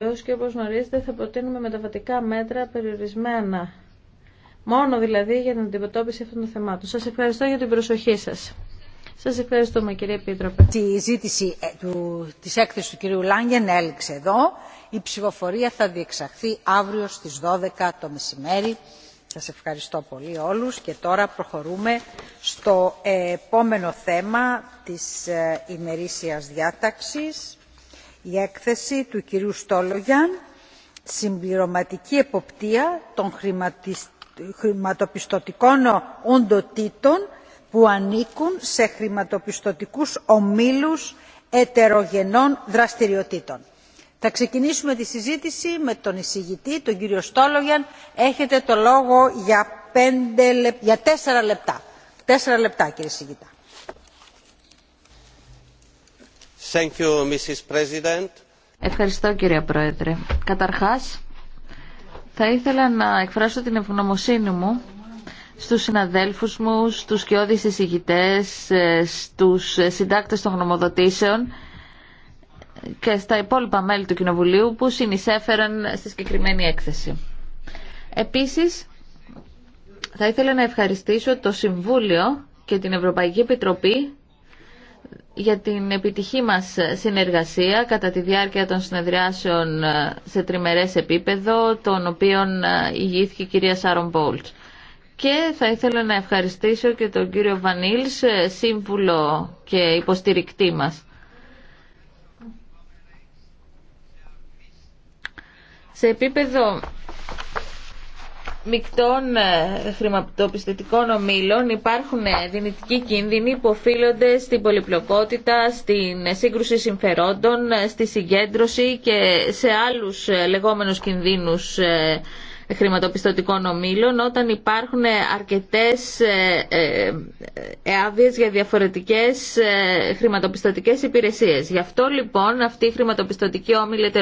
Βεβαίως και όπως γνωρίζετε θα προτείνουμε μεταβατικά μέτρα περιορισμένα. Μόνο δηλαδή για την αντιμετώπιση αυτών των θεμάτων. Σας ευχαριστώ για την προσοχή σας. Σας ευχαριστούμε κύριε Επίτροπε. Η ζήτηση ε, του, της έκθεσης του κυρίου Λάγγεν έληξε εδώ. Η ψηφοφορία θα διεξαχθεί αύριο στις 12 το μεσημέρι. Σας ευχαριστώ πολύ όλους και τώρα προχωρούμε στο επόμενο θέμα της ε, ημερήσιας διάταξης η έκθεση του κυρίου Στόλογιαν «Συμπληρωματική εποπτεία των χρηματοπιστωτικών οντοτήτων που ανήκουν σε χρηματοπιστωτικούς ομίλους ετερογενών δραστηριοτήτων». Θα ξεκινήσουμε τη συζήτηση με τον εισηγητή, τον κύριο Στόλογιαν. Έχετε το λόγο για, τέσσερα λεπτά. Τέσσερα λεπτά κύριε εισηγητά. Ευχαριστώ κύριε Πρόεδρε. Καταρχάς, θα ήθελα να εκφράσω την ευγνωμοσύνη μου στους συναδέλφους μου, στους κοιόδης εισηγητές, ε, στους συντάκτες των γνωμοδοτήσεων και στα υπόλοιπα μέλη του Κοινοβουλίου που συνεισέφεραν στη συγκεκριμένη έκθεση. Επίσης, θα ήθελα να ευχαριστήσω το Συμβούλιο και την Ευρωπαϊκή Επιτροπή για την επιτυχή μας συνεργασία κατά τη διάρκεια των συνεδριάσεων ε, σε τριμερές επίπεδο, των οποίων ε, ηγήθηκε η κυρία Σάρον Και θα ήθελα να ευχαριστήσω και τον κύριο Βανίλς, ε, σύμβουλο και υποστηρικτή μας. Σε επίπεδο Μικτών ε, χρηματοπιστωτικών ομήλων υπάρχουν ε, δυνητικοί κίνδυνοι που οφείλονται στην πολυπλοκότητα, στην ε, σύγκρουση συμφερόντων, στη συγκέντρωση και σε άλλους λεγόμενους κινδύνους χρηματοπιστωτικών ομίλων όταν υπάρχουν αρκετές ε, ε, ε, άδειε για διαφορετικές χρηματοπιστωτικές υπηρεσίες. Γι' αυτό λοιπόν αυτή η χρηματοπιστωτική όμιλη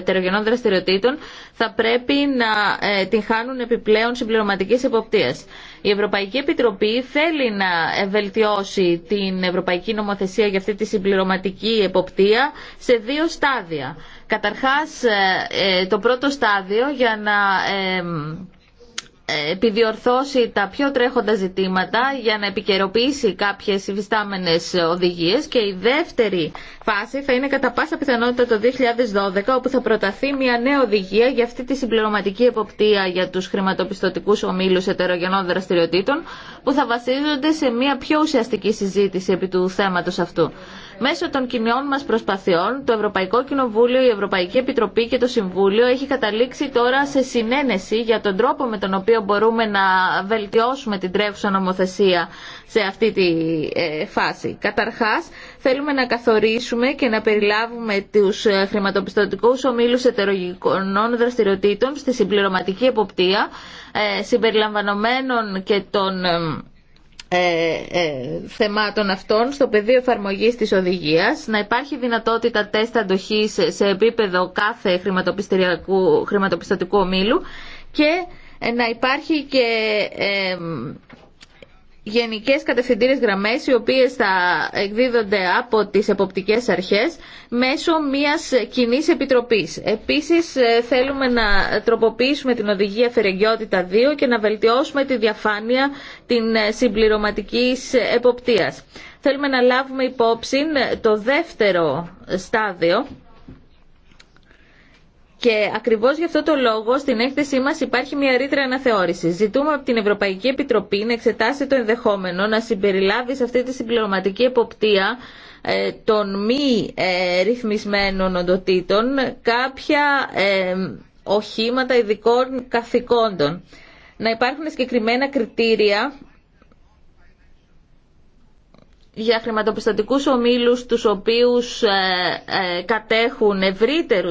ετερογενών δραστηριοτήτων θα πρέπει να την χάνουν επιπλέον συμπληρωματικής εποπτείας. Η Ευρωπαϊκή Επιτροπή θέλει να βελτιώσει την Ευρωπαϊκή Νομοθεσία για αυτή τη συμπληρωματική εποπτεία σε δύο στάδια. Καταρχάς, ε, ε, το πρώτο στάδιο για να ε, ε, επιδιορθώσει τα πιο τρέχοντα ζητήματα για να επικαιροποιήσει κάποιες υφιστάμενες οδηγίες και η δεύτερη φάση θα είναι κατά πάσα πιθανότητα το 2012 όπου θα προταθεί μια νέα οδηγία για αυτή τη συμπληρωματική εποπτεία για τους χρηματοπιστωτικούς ομίλους ετερογενών δραστηριοτήτων που θα βασίζονται σε μια πιο ουσιαστική συζήτηση επί του θέματος αυτού. Μέσω των κοινών μας προσπαθειών, το Ευρωπαϊκό Κοινοβούλιο, η Ευρωπαϊκή Επιτροπή και το Συμβούλιο έχει καταλήξει τώρα σε συνένεση για τον τρόπο με τον οποίο μπορούμε να βελτιώσουμε την τρέχουσα νομοθεσία σε αυτή τη ε, φάση. Καταρχάς, θέλουμε να καθορίσουμε και να περιλάβουμε τους ε, χρηματοπιστωτικού ομίλους ετερογικών δραστηριοτήτων στη συμπληρωματική εποπτεία, ε, συμπεριλαμβανομένων και των ε, ε, θεμάτων αυτών στο πεδίο εφαρμογής της οδηγίας, να υπάρχει δυνατότητα τεστ αντοχής σε επίπεδο κάθε χρηματοπιστωτικού ομίλου και να υπάρχει και ε, γενικές κατευθυντήρες γραμμές οι οποίες θα εκδίδονται από τις εποπτικές αρχές μέσω μιας κοινή επιτροπής. Επίσης ε, θέλουμε να τροποποιήσουμε την οδηγία Φερεγγιότητα 2 και να βελτιώσουμε τη διαφάνεια την ε, συμπληρωματική εποπτείας. Θέλουμε να λάβουμε υπόψη ε, το δεύτερο στάδιο και ακριβώς γι' αυτό το λόγο στην έκθεσή μας υπάρχει μια ρήτρα αναθεώρηση. Ζητούμε από την Ευρωπαϊκή Επιτροπή να εξετάσει το ενδεχόμενο να συμπεριλάβει σε αυτή τη συμπληρωματική εποπτεία ε, των μη ε, ρυθμισμένων οντοτήτων κάποια ε, οχήματα ειδικών καθηκόντων. Να υπάρχουν συγκεκριμένα κριτήρια για χρηματοπιστωτικούς ομίλους τους οποίους ε, ε, κατέχουν ευρύτερου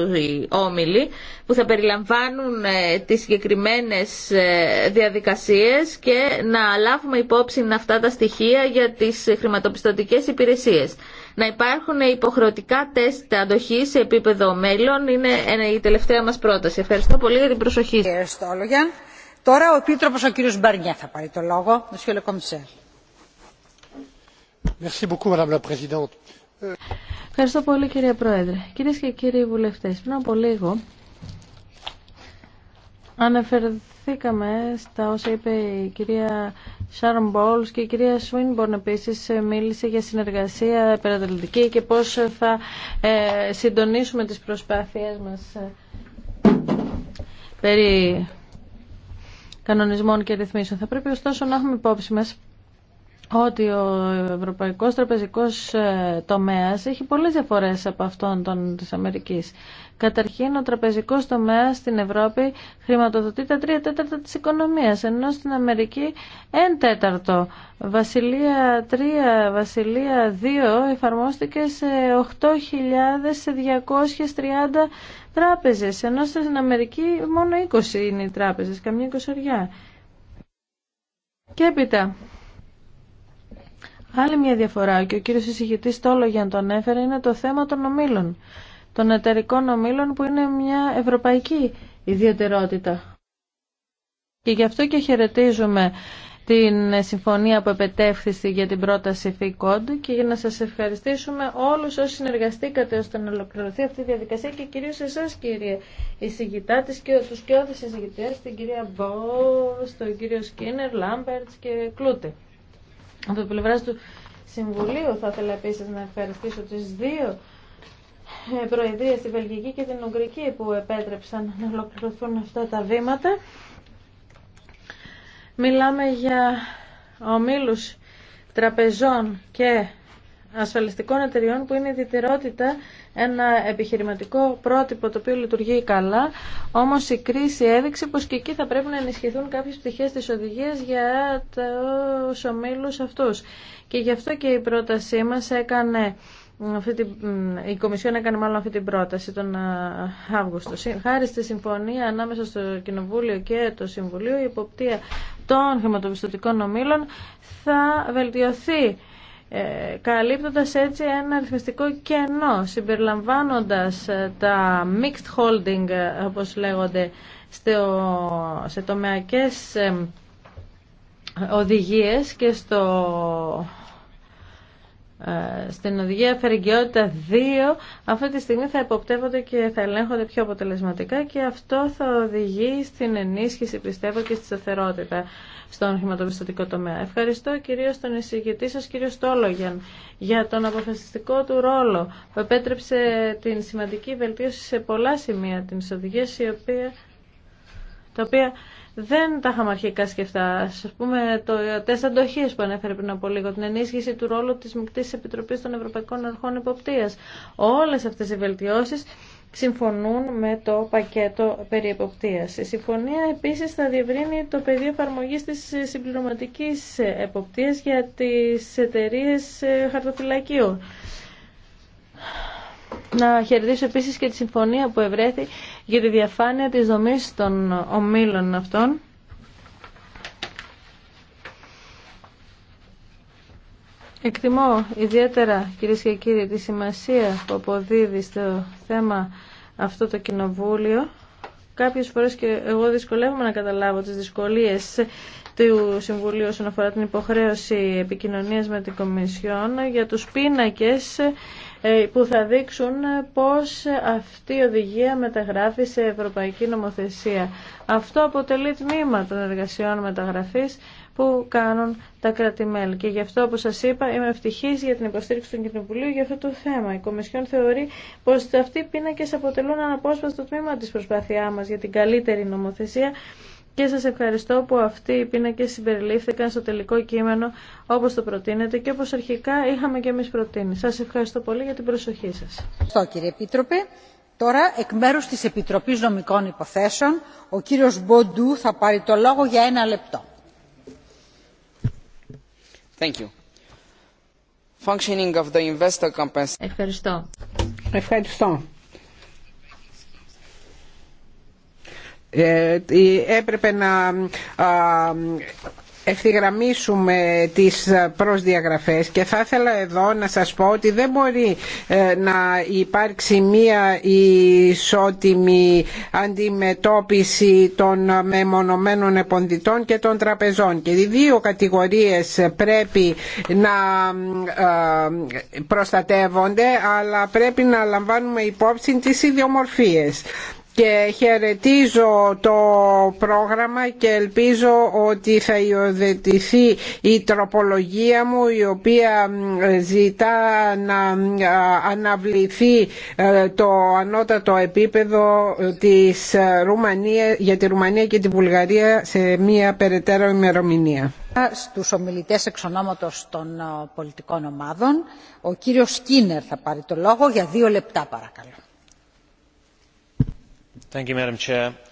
όμιλοι που θα περιλαμβάνουν ε, τις συγκεκριμένες ε, διαδικασίες και να λάβουμε υπόψη αυτά τα στοιχεία για τις χρηματοπιστωτικές υπηρεσίες. Να υπάρχουν υποχρεωτικά τεστ αντοχής σε επίπεδο μέλλον είναι η τελευταία μας πρόταση. Ευχαριστώ πολύ για την προσοχή. Τώρα ο Επίτροπος ο κ. Μπαρνιέ θα πάρει το λόγο. Ευχαριστώ πολύ κύριε Πρόεδρε. Κυρίες και κύριοι βουλευτές, πριν από λίγο αναφερθήκαμε στα όσα είπε η κυρία Σάρον και η κυρία Σουίνμπορν επίση μίλησε για συνεργασία περαδελτική και πώς θα ε, συντονίσουμε τι προσπάθειέ μα ε, περί κανονισμών και ρυθμίσεων. Θα πρέπει ωστόσο να έχουμε υπόψη μας ότι ο ευρωπαϊκός τραπεζικός ε, τομέας έχει πολλές διαφορές από αυτόν τον της Αμερικής. Καταρχήν, ο τραπεζικός τομέας στην Ευρώπη χρηματοδοτεί τα 3 τέταρτα της οικονομίας, ενώ στην Αμερική 1 τέταρτο. Βασιλεία 3, Βασιλεία 2 εφαρμόστηκε σε 8.230 τράπεζες, ενώ στην Αμερική μόνο 20 είναι οι τράπεζες, καμία εικοσοριά. Και έπειτα, Άλλη μια διαφορά, και ο κύριος εισηγητής να τον έφερε, είναι το θέμα των ομίλων. Των εταιρικών ομίλων που είναι μια ευρωπαϊκή ιδιαιτερότητα. Και γι' αυτό και χαιρετίζουμε την συμφωνία που επετεύχθη για την πρόταση ΦΙΚΟΝΤ και για να σας ευχαριστήσουμε όλους όσοι συνεργαστήκατε ώστε να ολοκληρωθεί αυτή η διαδικασία και κυρίως εσάς κύριε εισηγητά της και τους κοιόδης εισηγητές, την κυρία Μπό, τον κύριο Σκίνερ, Λάμπερτς και Κλούτε. Από την πλευρά του Συμβουλίου θα ήθελα επίση να ευχαριστήσω τι δύο ε, προεδρίε, τη Βελγική και την Ουγγρική, που επέτρεψαν να ολοκληρωθούν αυτά τα βήματα. Μιλάμε για ομίλους τραπεζών και ασφαλιστικών εταιριών που είναι ιδιαιτερότητα ένα επιχειρηματικό πρότυπο το οποίο λειτουργεί καλά. Όμως η κρίση έδειξε πως και εκεί θα πρέπει να ενισχυθούν κάποιες πτυχές της οδηγίας για τους ομίλους αυτούς. Και γι' αυτό και η πρότασή μας έκανε αυτή η Κομισιόν έκανε μάλλον αυτή την πρόταση τον Αύγουστο. Χάρη στη συμφωνία ανάμεσα στο Κοινοβούλιο και το Συμβουλίο, η υποπτία των χρηματοπιστωτικών ομίλων θα βελτιωθεί ε, καλύπτοντας έτσι ένα αριθμιστικό κενό, συμπεριλαμβάνοντας ε, τα mixed holding, ε, όπως λέγονται, σε τομεακές οδηγίες και στο ε, στην οδηγία αφαιρεγκαιότητα 2 αυτή τη στιγμή θα υποπτεύονται και θα ελέγχονται πιο αποτελεσματικά και αυτό θα οδηγεί στην ενίσχυση πιστεύω και στη σταθερότητα στον χρηματοπιστωτικό τομέα. Ευχαριστώ κυρίως τον εισηγητή σας κύριο Στόλογιαν για τον αποφασιστικό του ρόλο που επέτρεψε την σημαντική βελτίωση σε πολλά σημεία της οδηγίας η οποία, οποία δεν τα είχαμε αρχικά σκεφτά. Α πούμε, το τεστ αντοχή που ανέφερε πριν από λίγο, την ενίσχυση του ρόλου τη Μικτή Επιτροπή των Ευρωπαϊκών Αρχών Υποπτία. Όλε αυτέ οι βελτιώσει συμφωνούν με το πακέτο περί εποπτείας. Η συμφωνία επίσης θα διευρύνει το πεδίο εφαρμογή της συμπληρωματικής εποπτείας για τις εταιρείε χαρτοφυλακίου. Να χαιρετήσω επίσης και τη συμφωνία που ευρέθη για τη διαφάνεια της δομής των ομίλων αυτών. Εκτιμώ ιδιαίτερα κυρίε και κύριοι τη σημασία που αποδίδει στο θέμα αυτό το κοινοβούλιο. Κάποιες φορές και εγώ δυσκολεύομαι να καταλάβω τις δυσκολίες του Συμβουλίου όσον αφορά την υποχρέωση επικοινωνίας με την Κομισιόν για τους πίνακες ε, που θα δείξουν ε, πώς αυτή η οδηγία μεταγράφει σε ευρωπαϊκή νομοθεσία. Αυτό αποτελεί τμήμα των εργασιών μεταγραφής που κάνουν τα κράτη-μέλη. Και γι' αυτό, όπως σας είπα, είμαι ευτυχής για την υποστήριξη του Κοινοβουλίου για αυτό το θέμα. Η Κομισιόν θεωρεί πως αυτοί οι πίνακες αποτελούν αναπόσπαστο τμήμα της προσπάθειά μας για την καλύτερη νομοθεσία και σας ευχαριστώ που αυτοί οι πίνακες συμπεριλήφθηκαν στο τελικό κείμενο όπως το προτείνετε και όπως αρχικά είχαμε και εμείς προτείνει. Σας ευχαριστώ πολύ για την προσοχή σας. Ευχαριστώ κύριε Επίτροπε. Τώρα εκ μέρους της Επιτροπής Νομικών Υποθέσεων ο κύριος Μποντού θα πάρει το λόγο για ένα λεπτό. Thank you. of the Ευχαριστώ. Ευχαριστώ. Ε, έπρεπε να ευθυγραμμίσουμε τις προσδιαγραφές και θα ήθελα εδώ να σας πω ότι δεν μπορεί ε, να υπάρξει μία ισότιμη αντιμετώπιση των μεμονωμένων επονδυτών και των τραπεζών και οι δύο κατηγορίες πρέπει να ε, προστατεύονται αλλά πρέπει να λαμβάνουμε υπόψη τις ιδιομορφίες και χαιρετίζω το πρόγραμμα και ελπίζω ότι θα υιοδετηθεί η τροπολογία μου η οποία ζητά να αναβληθεί ε, το ανώτατο επίπεδο της ε, Ρουμανία, για τη Ρουμανία και τη Βουλγαρία σε μία περαιτέρω ημερομηνία. Στους ομιλητές εξ ονόματος των ε, πολιτικών ομάδων, ο κύριος Σκίνερ θα πάρει το λόγο για δύο λεπτά παρακαλώ.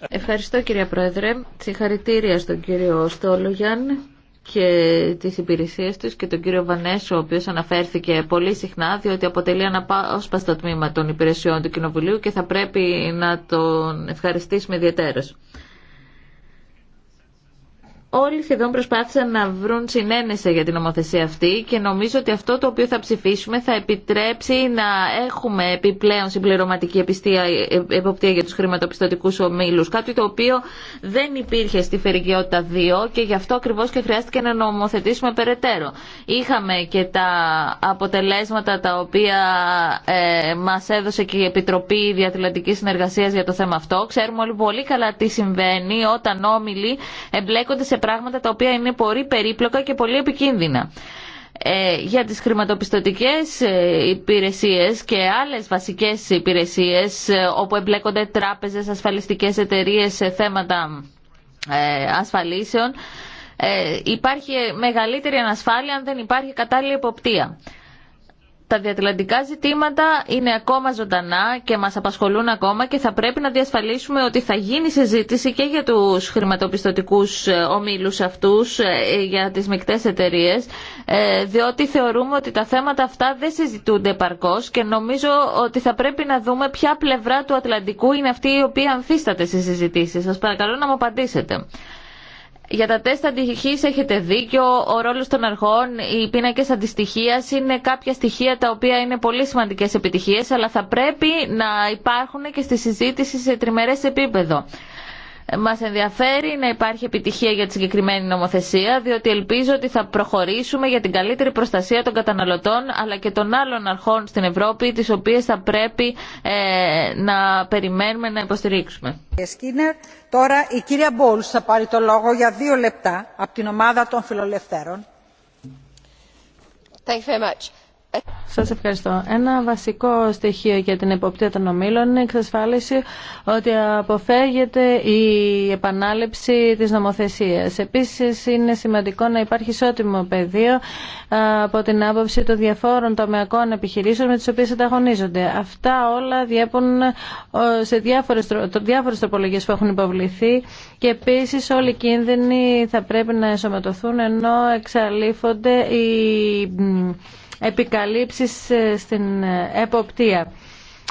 Ευχαριστώ κύριε Πρόεδρε. Συγχαρητήρια στον κύριο Στόλογιαν και τις υπηρεσίες τους και τον κύριο Βανέσο, ο οποίος αναφέρθηκε πολύ συχνά, διότι αποτελεί πάσπαστο τμήμα των υπηρεσιών του Κοινοβουλίου και θα πρέπει να τον ευχαριστήσουμε ιδιαίτερως όλοι σχεδόν προσπάθησαν να βρουν συνένεση για την νομοθεσία αυτή και νομίζω ότι αυτό το οποίο θα ψηφίσουμε θα επιτρέψει να έχουμε επιπλέον συμπληρωματική ε, εποπτεία για τους χρηματοπιστωτικούς ομίλους. Κάτι το οποίο δεν υπήρχε στη Φερικιότητα 2 και γι' αυτό ακριβώς και χρειάστηκε να νομοθετήσουμε περαιτέρω. Είχαμε και τα αποτελέσματα τα οποία ε, μας έδωσε και η Επιτροπή Διατηλαντικής Συνεργασίας για το θέμα αυτό. Ξέρουμε όλοι πολύ καλά τι συμβαίνει όταν όμιλοι εμπλέκονται σε σε πράγματα τα οποία είναι πολύ περίπλοκα και πολύ επικίνδυνα. Ε, για τις χρηματοπιστωτικές ε, υπηρεσίες και άλλες βασικές υπηρεσίες ε, όπου εμπλέκονται τράπεζες, ασφαλιστικές εταιρείες σε θέματα ασφαλίσεων υπάρχει μεγαλύτερη ανασφάλεια αν δεν υπάρχει κατάλληλη εποπτεία τα διατλαντικά ζητήματα είναι ακόμα ζωντανά και μας απασχολούν ακόμα και θα πρέπει να διασφαλίσουμε ότι θα γίνει συζήτηση και για τους χρηματοπιστωτικούς ε, ομίλους αυτούς, ε, για τις μικτές εταιρείε, ε, διότι θεωρούμε ότι τα θέματα αυτά δεν συζητούνται παρκώς και νομίζω ότι θα πρέπει να δούμε ποια πλευρά του Ατλαντικού είναι αυτή η οποία αμφίσταται στις συζητήσεις. Σας παρακαλώ να μου απαντήσετε. Για τα τεστ αντιστοιχή έχετε δίκιο. Ο ρόλο των αρχών, οι πίνακε αντιστοιχία είναι κάποια στοιχεία τα οποία είναι πολύ σημαντικέ επιτυχίε, αλλά θα πρέπει να υπάρχουν και στη συζήτηση σε τριμερέ επίπεδο. Μας ενδιαφέρει να υπάρχει επιτυχία για τη συγκεκριμένη νομοθεσία, διότι ελπίζω ότι θα προχωρήσουμε για την καλύτερη προστασία των καταναλωτών, αλλά και των άλλων αρχών στην Ευρώπη, τις οποίες θα πρέπει ε, να περιμένουμε να υποστηρίξουμε. Τώρα η κυρία θα πάρει το λόγο για δύο λεπτά από την ομάδα των Thank you very much. Σας ευχαριστώ. Ένα βασικό στοιχείο για την εποπτεία των ομήλων είναι η εξασφάλιση ότι αποφεύγεται η επανάληψη της νομοθεσίας. Επίσης είναι σημαντικό να υπάρχει ισότιμο πεδίο από την άποψη των διαφόρων τομεακών επιχειρήσεων με τις οποίες ανταγωνίζονται. Αυτά όλα διέπουν σε διάφορες, διάφορες που έχουν υποβληθεί και επίσης όλοι οι κίνδυνοι θα πρέπει να ενσωματωθούν ενώ εξαλείφονται οι επικαλύψεις ε, στην ε, εποπτεία.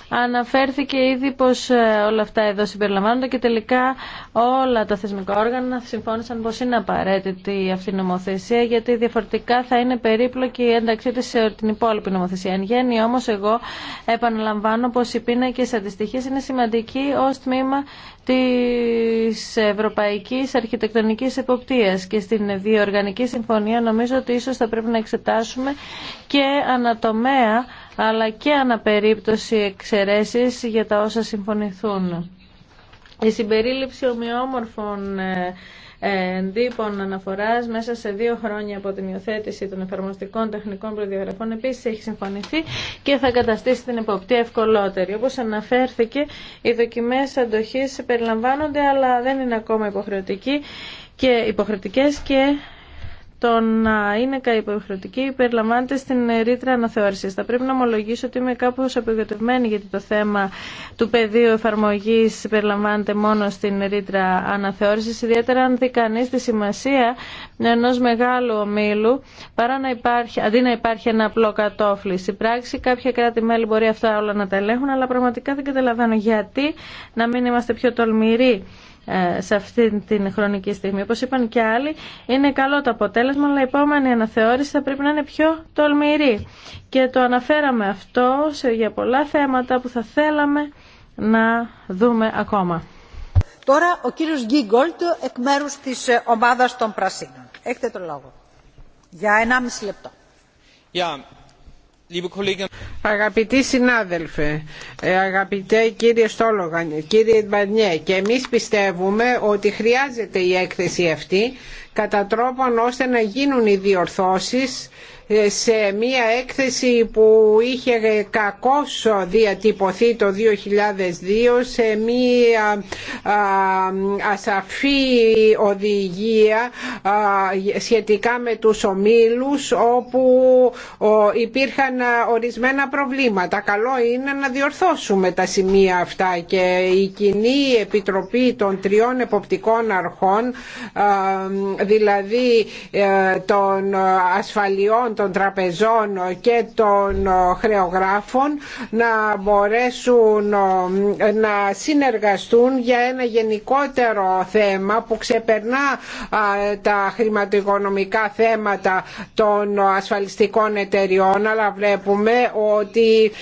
Αναφέρθηκε ήδη πως ε, όλα αυτά εδώ συμπεριλαμβάνονται και τελικά όλα τα θεσμικά όργανα συμφώνησαν πως είναι απαραίτητη αυτή η νομοθεσία γιατί διαφορετικά θα είναι περίπλοκη η ένταξή της σε την υπόλοιπη νομοθεσία. Εν γέννη όμως εγώ επαναλαμβάνω πως οι πίνακε αντιστοιχεί είναι σημαντικοί ως τμήμα της Ευρωπαϊκής Αρχιτεκτονικής Εποπτείας και στην Διοργανική Συμφωνία νομίζω ότι ίσως θα πρέπει να εξετάσουμε και ανατομέα αλλά και αναπερίπτωση εξαιρέσεις για τα όσα συμφωνηθούν. Η συμπερίληψη ομοιόμορφων ε, ε, εντύπων αναφοράς μέσα σε δύο χρόνια από την υιοθέτηση των εφαρμοστικών τεχνικών προδιαγραφών επίσης έχει συμφωνηθεί και θα καταστήσει την εποπτεία ευκολότερη. Όπως αναφέρθηκε, οι δοκιμές αντοχής περιλαμβάνονται αλλά δεν είναι ακόμα υποχρεωτικοί και υποχρεωτικές και το να είναι υποχρεωτική περιλαμβάνεται στην ρήτρα αναθεώρησης. Θα πρέπει να ομολογήσω ότι είμαι κάπως απογοητευμένη γιατί το θέμα του πεδίου εφαρμογής περιλαμβάνεται μόνο στην ρήτρα αναθεώρησης, ιδιαίτερα αν δει κανεί τη σημασία ενό μεγάλου ομίλου, παρά να υπάρχει, αντί να υπάρχει ένα απλό κατόφλι. Στην πράξη κάποια κράτη-μέλη μπορεί αυτά όλα να τα ελέγχουν, αλλά πραγματικά δεν καταλαβαίνω γιατί να μην είμαστε πιο τολμηροί ε, σε αυτή την χρονική στιγμή. Όπως είπαν και άλλοι, είναι καλό το αποτέλεσμα, αλλά η επόμενη αναθεώρηση θα πρέπει να είναι πιο τολμηρή. Και το αναφέραμε αυτό σε, για πολλά θέματα που θα θέλαμε να δούμε ακόμα. Τώρα ο κύριος Γκίγκολτ εκ μέρους της ε, ομάδας των Πρασίνων. Έχετε το λόγο. Για 1,5 λεπτό. Yeah. Αγαπητοί συνάδελφοι, ε, αγαπητέ κύριε Στόλογαν, κύριε Μπανιέ και εμείς πιστεύουμε ότι χρειάζεται η έκθεση αυτή κατά τρόπον ώστε να γίνουν οι διορθώσεις ε, σε μία έκθεση που είχε κακώς διατυπωθεί το 2002 σε μία ασαφή οδηγία σχετικά με τους ομίλους όπου υπήρχαν ορισμένα προβλήματα. Καλό είναι να διορθώσουμε τα σημεία αυτά και η κοινή επιτροπή των τριών εποπτικών αρχών δηλαδή ε, των ασφαλιών των τραπεζών και των ε, χρεογράφων να μπορέσουν ε, να συνεργαστούν για ένα γενικότερο θέμα που ξεπερνά τα χρηματοοικονομικά θέματα των ασφαλιστικών εταιριών αλλά βλέπουμε ότι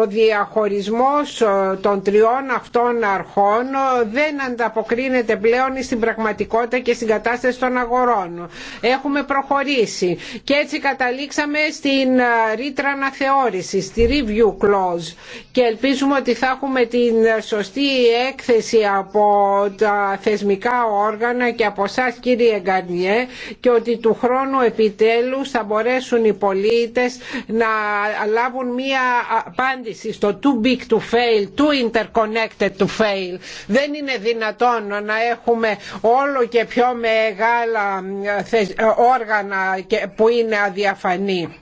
ο διαχωρισμός των τριών αυτών αρχών δεν ανταποκρίνεται πλέον στην πραγματικότητα και στην κατάσταση των αγορών. Έχουμε προχωρήσει και έτσι καταλήξαμε στην ε, ρήτρα αναθεώρηση, στη review clause και ελπίζουμε ότι θα έχουμε την σωστή έκθεση από τα θεσμικά όργανα και από εσά κύριε Γκαρνιέ και ότι του χρόνου επιτέλους θα μπορέσουν οι πολίτες να λάβουν μία απάντηση στο too big to fail, too interconnected to fail. Δεν είναι δυνατόν να έχουμε όλο και πιο μεγάλα ε, ε, όργανα που είναι αδιαφανή.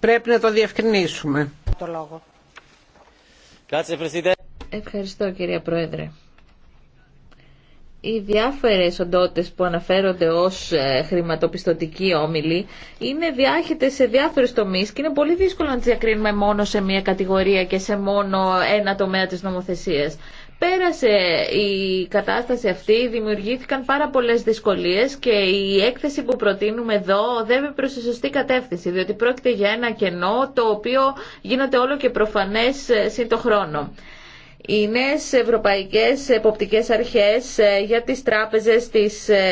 Πρέπει να το διευκρινίσουμε. Το λόγο. Ευχαριστώ κυρία Πρόεδρε. Οι διάφορες οντότητες που αναφέρονται ως ε, χρηματοπιστωτικοί όμιλοι είναι διάχυτες σε διάφορες τομείς και είναι πολύ δύσκολο να τις διακρίνουμε μόνο σε μία κατηγορία και σε μόνο ένα τομέα της νομοθεσίας πέρασε η κατάσταση αυτή, δημιουργήθηκαν πάρα πολλές δυσκολίες και η έκθεση που προτείνουμε εδώ οδεύει προς τη σωστή κατεύθυνση, διότι πρόκειται για ένα κενό το οποίο γίνεται όλο και προφανές ε, σύν το χρόνο. Οι νέες ευρωπαϊκές εποπτικές αρχές ε, για τις τράπεζες, τις ε,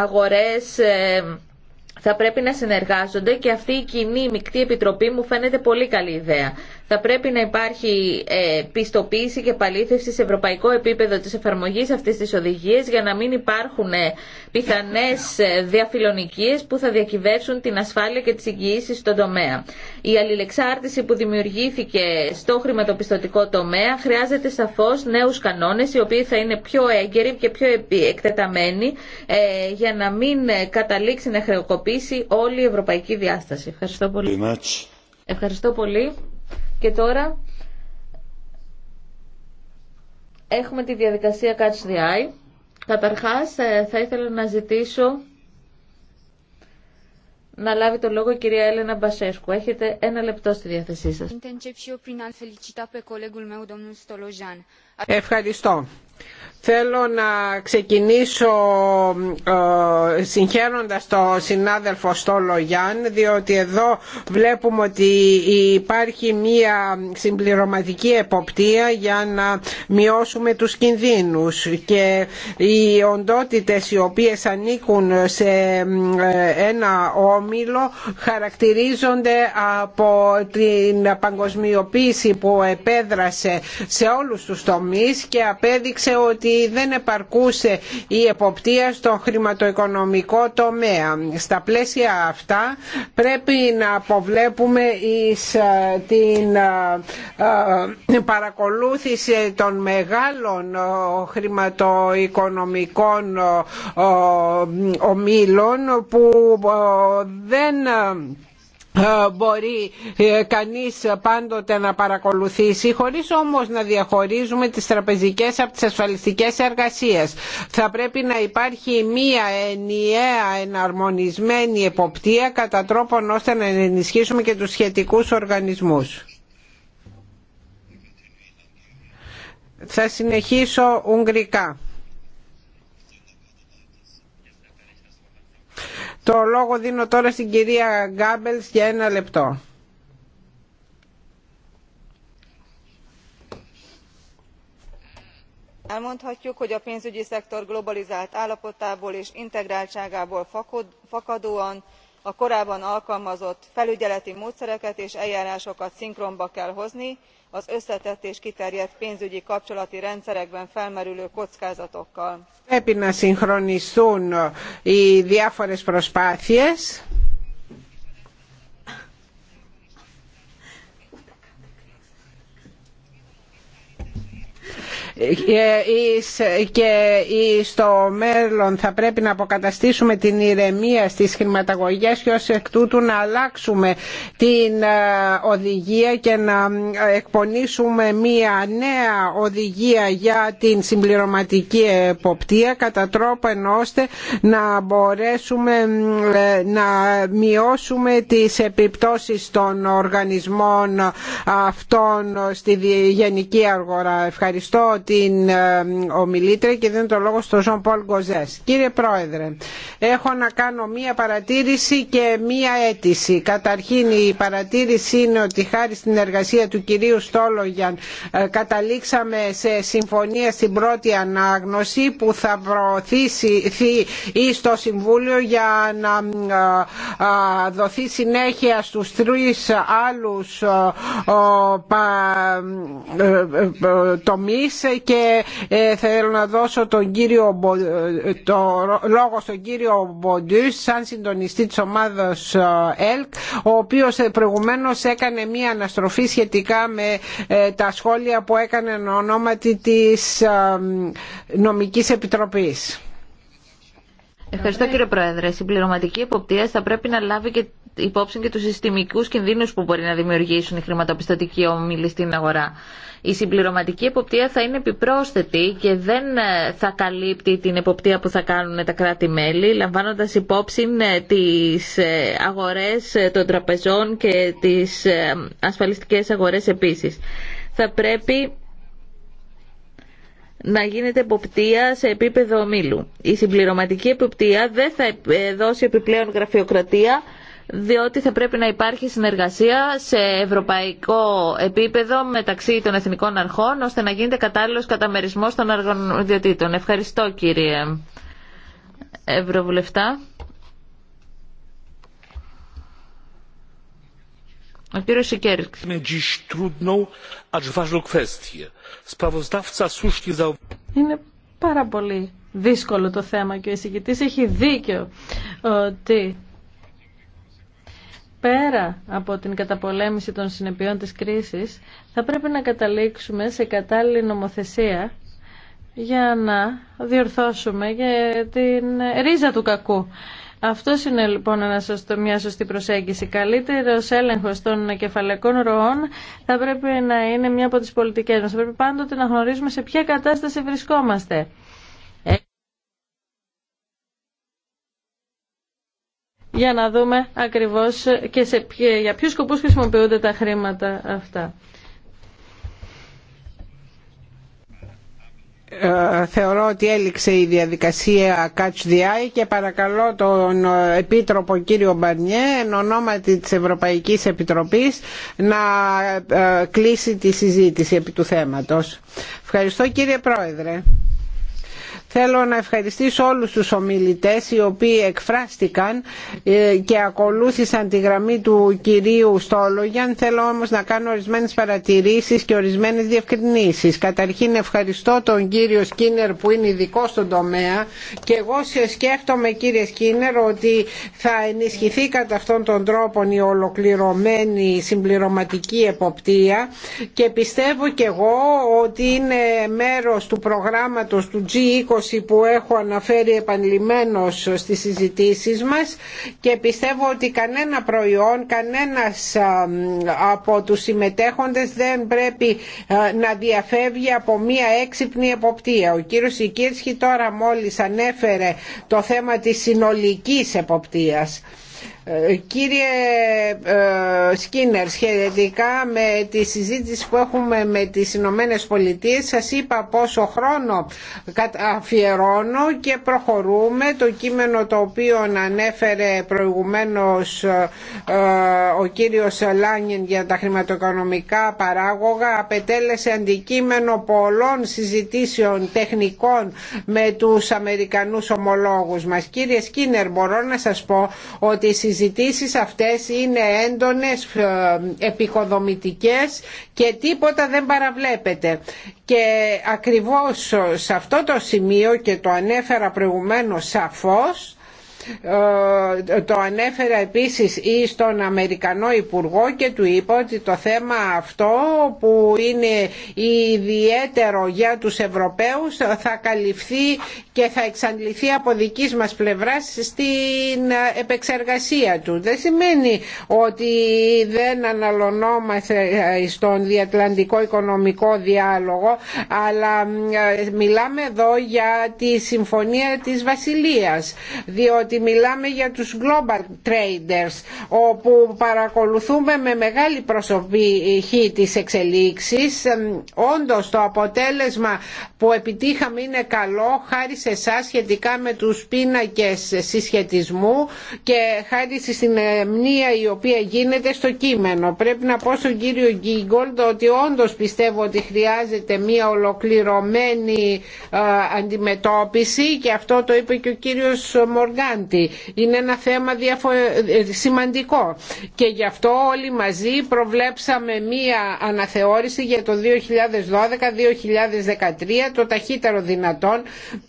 αγορές, θα πρέπει να συνεργάζονται και αυτή η κοινή μεικτή επιτροπή μου φαίνεται πολύ καλή ιδέα. Θα πρέπει να υπάρχει ε, πιστοποίηση και παλήθευση σε ευρωπαϊκό επίπεδο της εφαρμογής αυτής της οδηγίας για να μην υπάρχουν ε, πιθανές ε, που θα διακυβεύσουν την ασφάλεια και τις εγγυήσεις στον τομέα. Η αλληλεξάρτηση που δημιουργήθηκε στο χρηματοπιστωτικό τομέα χρειάζεται σαφώς νέους κανόνες οι οποίοι θα είναι πιο έγκαιροι και πιο εκτεταμένοι ε, για να μην καταλήξει να χρεοκοπήσει όλη η ευρωπαϊκή διάσταση. Ευχαριστώ πολύ. Ευχαριστώ πολύ. Και τώρα έχουμε τη διαδικασία Catch the Eye. Καταρχάς ε, θα ήθελα να ζητήσω να λάβει το λόγο η κυρία Έλενα Μπασέσκου. Έχετε ένα λεπτό στη διάθεσή σας. Ευχαριστώ. Θέλω να ξεκινήσω ε, συγχαίροντας το συνάδελφο Στόλο Γιάν διότι εδώ βλέπουμε ότι υπάρχει μία συμπληρωματική εποπτεία για να μειώσουμε τους κινδύνους και οι οντότητες οι οποίες ανήκουν σε ε, ένα όμιλο χαρακτηρίζονται από την παγκοσμιοποίηση που επέδρασε σε όλους τους τομείς και απέδειξε ότι δεν επαρκούσε η εποπτεία στο χρηματοοικονομικό τομέα. Στα πλαίσια αυτά πρέπει να αποβλέπουμε ε, την ε, ε, παρακολούθηση των μεγάλων χρηματοοικονομικών ομίλων που δεν ε, μπορεί ε, κανείς πάντοτε να παρακολουθήσει χωρίς όμως να διαχωρίζουμε τις τραπεζικές από τις ασφαλιστικές εργασίες. Θα πρέπει να υπάρχει μία ενιαία εναρμονισμένη εποπτεία κατά τρόπον ώστε να ενισχύσουμε και τους σχετικούς οργανισμούς. Θα συνεχίσω ουγγρικά. Το λόγο δίνω τώρα στην κυρία Γκάμπελς για ένα λεπτό. elmondhatjuk hogy a pénzügyi szektor globalizált állapotából és integráltságából fakadóan a korábban alkalmazott felügyeleti módszereket és eljárásokat szinkronba kell hozni az összetett és kiterjedt pénzügyi kapcsolati rendszerekben felmerülő kockázatokkal. και στο μέλλον θα πρέπει να αποκαταστήσουμε την ηρεμία στις χρηματαγωγές και ως εκ τούτου να αλλάξουμε την ε, οδηγία και να ε, εκπονήσουμε μία νέα οδηγία για την συμπληρωματική εποπτεία κατά τρόπο ώστε να μπορέσουμε ε, να μειώσουμε τις επιπτώσεις των οργανισμών αυτών στη γενική αγορά. Ευχαριστώ την ε, ομιλήτρια και δίνω το λόγο στον Ζων Πολ Γκοζές. Κύριε Πρόεδρε, έχω να κάνω μία παρατήρηση και μία αίτηση. Καταρχήν η παρατήρηση είναι ότι χάρη στην εργασία του κυρίου Στόλογιαν ε, καταλήξαμε σε συμφωνία στην πρώτη ανάγνωση που θα προωθήσει ή στο Συμβούλιο για να ε, δοθεί συνέχεια στους τρεις άλλους τομείς και ε, θέλω να δώσω τον κύριο, ε, το λόγο στον κύριο Μποντούς σαν συντονιστή της ομάδας ε, ΕΛΚ ο οποίος προηγουμένως έκανε μία αναστροφή σχετικά με τα σχόλια που έκανε ονόματι της νομικής επιτροπής. Ευχαριστώ κύριε Πρόεδρε. Η συμπληρωματική εποπτεία θα πρέπει να λάβει και υπόψη και του συστημικούς κινδύνους που μπορεί να δημιουργήσουν οι χρηματοπιστωτικοί όμιλοι στην αγορά. Η συμπληρωματική εποπτεία θα είναι επιπρόσθετη και δεν ε, θα καλύπτει την εποπτεία που θα κάνουν τα κράτη-μέλη, λαμβάνοντας υπόψη ε, τις ε, αγορές των τραπεζών και τις ασφαλιστικές αγορές επίσης. Θα πρέπει να γίνεται εποπτεία σε επίπεδο ομίλου. Η συμπληρωματική εποπτεία δεν θα δώσει επιπλέον γραφειοκρατία, διότι θα πρέπει να υπάρχει συνεργασία σε ευρωπαϊκό επίπεδο μεταξύ των εθνικών αρχών, ώστε να γίνεται κατάλληλος καταμερισμός των αρμοδιοτήτων. Ευχαριστώ κύριε Ευρωβουλευτά. Ο κύριος Είναι πάρα πολύ δύσκολο το θέμα και ο εισηγητής έχει δίκιο ότι πέρα από την καταπολέμηση των συνεπειών της κρίσης, θα πρέπει να καταλήξουμε σε κατάλληλη νομοθεσία για να διορθώσουμε για την ρίζα του κακού. Αυτό είναι λοιπόν ένα σωστό, μια σωστή προσέγγιση. Καλύτερο έλεγχο των κεφαλαϊκών ροών θα πρέπει να είναι μια από τι πολιτικέ μα. Θα πρέπει πάντοτε να γνωρίζουμε σε ποια κατάσταση βρισκόμαστε. για να δούμε ακριβώς και σε για ποιους σκοπούς χρησιμοποιούνται τα χρήματα αυτά. Ε, θεωρώ ότι έληξε η διαδικασία Catch the Eye και παρακαλώ τον ε, Επίτροπο κύριο Μπαρνιέ εν ονόματι της Ευρωπαϊκής Επιτροπής να ε, κλείσει τη συζήτηση επί του θέματος. Ευχαριστώ κύριε Πρόεδρε. Θέλω να ευχαριστήσω όλους τους ομιλητές οι οποίοι εκφράστηκαν ε, και ακολούθησαν τη γραμμή του κυρίου Στόλογιαν. Θέλω όμως να κάνω ορισμένες παρατηρήσεις και ορισμένες διευκρινήσεις. Καταρχήν ευχαριστώ τον κύριο Σκίνερ που είναι ειδικό στον τομέα και εγώ σκέφτομαι κύριε Σκίνερ ότι θα ενισχυθεί κατά αυτόν τον τρόπο η ολοκληρωμένη συμπληρωματική εποπτεία και πιστεύω και εγώ ότι είναι μέρος του προγράμματος του G20 που έχω αναφέρει επανειλημμένως στις συζητήσεις μας και πιστεύω ότι κανένα προϊόν, κανένας από τους συμμετέχοντες δεν πρέπει να διαφεύγει από μία έξυπνη εποπτεία. Ο κύριος Ικίρσκι τώρα μόλις ανέφερε το θέμα της συνολικής εποπτείας. Ε, κύριε ε, Σκίνερ, σχετικά με τη συζήτηση που έχουμε με τις Ηνωμένε Πολιτείε, σας είπα πόσο χρόνο αφιερώνω και προχωρούμε. Το κείμενο το οποίο ανέφερε προηγουμένως ε, ο κύριος Λάνιν για τα χρηματοοικονομικά παράγωγα απετέλεσε αντικείμενο πολλών συζητήσεων τεχνικών με τους Αμερικανούς ομολόγους μας. Κύριε Σκίνερ, μπορώ να σας πω ότι η συζητήσεις αυτές είναι έντονες, ε, επικοδομητικές και τίποτα δεν παραβλέπεται. Και ακριβώς σε αυτό το σημείο και το ανέφερα προηγουμένως σαφώς, ε, το ανέφερα επίσης ή στον Αμερικανό Υπουργό και του είπα ότι το θέμα αυτό που είναι ιδιαίτερο για τους Ευρωπαίους θα καλυφθεί και θα εξαντληθεί από δικής μας πλευράς στην επεξεργασία του. Δεν σημαίνει ότι δεν αναλωνόμαστε στον διατλαντικό οικονομικό διάλογο αλλά ε, μιλάμε εδώ για τη Συμφωνία της Βασιλείας διότι ότι μιλάμε για τους global traders όπου παρακολουθούμε με μεγάλη προσοχή τις εξελίξεις. Όντως το αποτέλεσμα που επιτύχαμε είναι καλό χάρη σε εσά σχετικά με τους πίνακες συσχετισμού και χάρη στη συνεμνία η οποία γίνεται στο κείμενο. Πρέπει να πω στον κύριο Γκίγκολντ ότι όντως πιστεύω ότι χρειάζεται μια ολοκληρωμένη ε, αντιμετώπιση και αυτό το είπε και ο κύριος Μοργάν είναι ένα θέμα διαφο... Ε, σημαντικό και γι' αυτό όλοι μαζί προβλέψαμε μία αναθεώρηση για το 2012-2013 το ταχύτερο δυνατόν.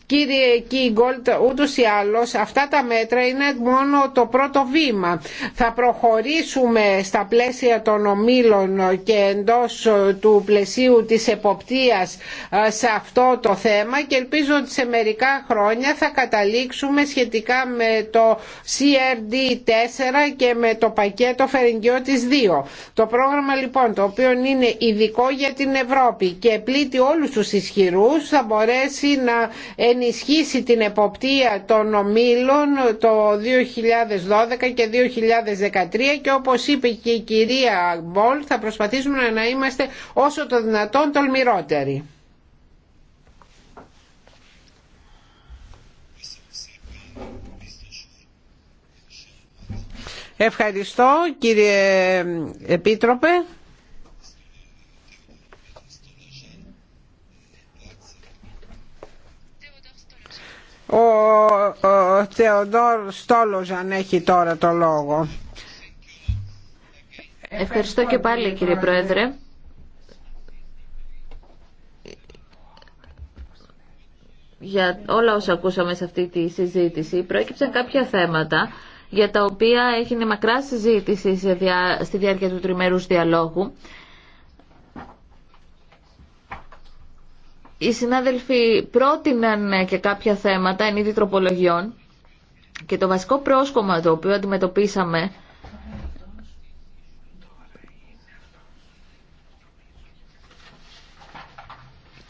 Κύριε Κίγκολτ, ούτως ή άλλως αυτά τα μέτρα είναι μόνο το πρώτο βήμα. Θα προχωρήσουμε στα πλαίσια των ομίλων και εντός ε, του πλαισίου της εποπτείας ε, σε αυτό το θέμα και ελπίζω ότι σε μερικά χρόνια θα καταλήξουμε σχετικά με με το CRD4 και με το πακέτο Φερενγκιώτης 2. Το πρόγραμμα λοιπόν το οποίο είναι ειδικό για την Ευρώπη και πλήττει όλους τους ισχυρούς θα μπορέσει να ενισχύσει την εποπτεία των ομίλων το 2012 και 2013 και όπως είπε και η κυρία Μπολ θα προσπαθήσουμε να είμαστε όσο το δυνατόν τολμηρότεροι. Ευχαριστώ κύριε Επίτροπε. Ο Θεοδόρ αν έχει τώρα το λόγο. Ευχαριστώ και πάλι κύριε Πρόεδρε. Για όλα όσα ακούσαμε σε αυτή τη συζήτηση, προέκυψαν κάποια θέματα για τα οποία έγινε μακρά συζήτηση στη διάρκεια του τριμερούς διαλόγου. Οι συνάδελφοι πρότειναν και κάποια θέματα εν είδη τροπολογιών και το βασικό πρόσκομα το οποίο αντιμετωπίσαμε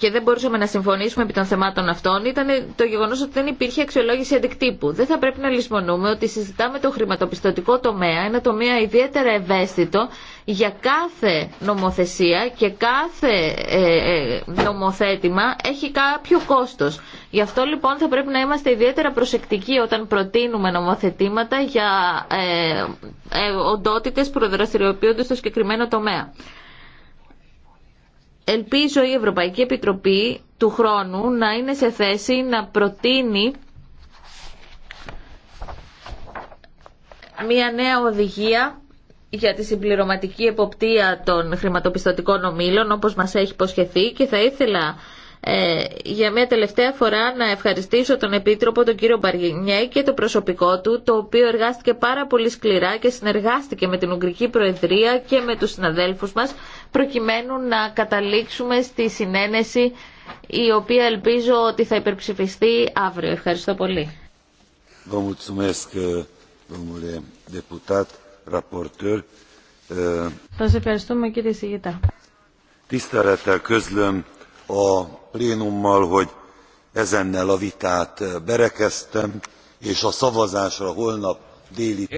και δεν μπορούσαμε να συμφωνήσουμε επί των θεμάτων αυτών ήταν το γεγονό ότι δεν υπήρχε αξιολόγηση αντικτύπου. Δεν θα πρέπει να λησμονούμε ότι συζητάμε το χρηματοπιστωτικό τομέα, ένα τομέα ιδιαίτερα ευαίσθητο για κάθε νομοθεσία και κάθε ε, ε, νομοθέτημα έχει κάποιο κόστος. Γι' αυτό λοιπόν θα πρέπει να είμαστε ιδιαίτερα προσεκτικοί όταν προτείνουμε νομοθετήματα για ε, οντότητες που προδραστηριοποιούνται στο συγκεκριμένο τομέα ελπίζω η Ευρωπαϊκή Επιτροπή του χρόνου να είναι σε θέση να προτείνει μια νέα οδηγία για τη συμπληρωματική εποπτεία των χρηματοπιστωτικών ομήλων όπως μας έχει υποσχεθεί και θα ήθελα ε, για μια τελευταία φορά να ευχαριστήσω τον Επίτροπο, τον κύριο Μπαργινιέ και το προσωπικό του, το οποίο εργάστηκε πάρα πολύ σκληρά και συνεργάστηκε με την Ουγγρική Προεδρία και με τους συναδέλφους μας προκειμένου να καταλήξουμε στη συνένεση η οποία ελπίζω ότι θα υπερψηφιστεί αύριο. Ευχαριστώ πολύ. Θα Σας ευχαριστούμε κύριε Σιγητά. Tisztelettel közlöm a plénummal, hogy ezennel a vitát berekeztem, και a szavazásra holnap déli...